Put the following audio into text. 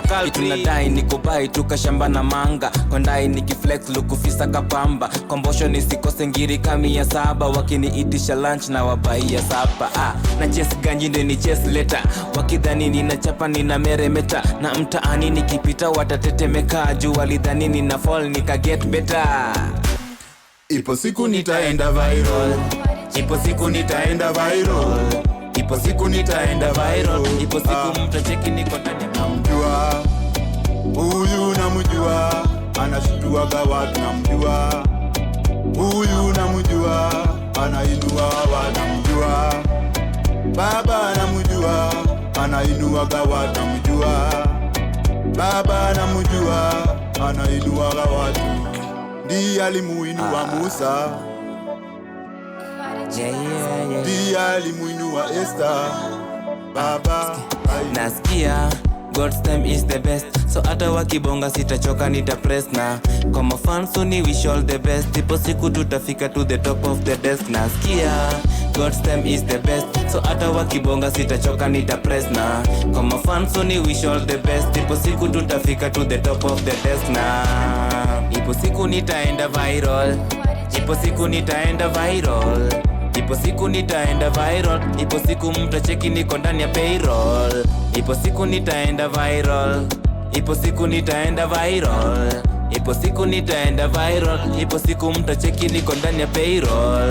na kalbi tunadai niko bai tuka shamba na manga kondai ni nikiflex lukufisa kapamba kombosho ni nisikose ngiri kami ya saba wakiniitisha lunch na wabai ya saba ah, na chesi ganjinde ni chesi leta wakidhani ninachapa nina meremeta na mtaani nikipita watatetemeka juu walidhani nina fall nika get better ipo siku nitaenda viral ipo siku nitaenda viral ipo siku nitaenda viral, ipo siku ah. mtacheki niko ndani. Namjua huyu, namjua anashutuaga watu, namjua huyu, namjua anainua watu, namjua baba, namjua anainuaga watu, namjua baba, namjua anainuaga watu, ndiye alimuinua ah. Musa, ndiye alimuinua wa Esther. Baba nasikia God's time is the best, so hata wakibonga sitachoka, nitapress na kama so ni wish all the best, ipo siku tutafika to the top of the desk. Nasikia God's time is the best, so hata wakibonga sitachoka, nitapress na kama so ni wish all the best, ipo siku tutafika to the top of the desk. Na ipo siku nitaenda viral, ipo siku nitaenda viral Ipo siku nitaenda viral, ipo siku mtacheki niko ndani ya payroll. Ipo siku nitaenda viral, ipo siku nitaenda viral, ipo siku nitaenda viral, ipo siku mtacheki niko ndani ya payroll.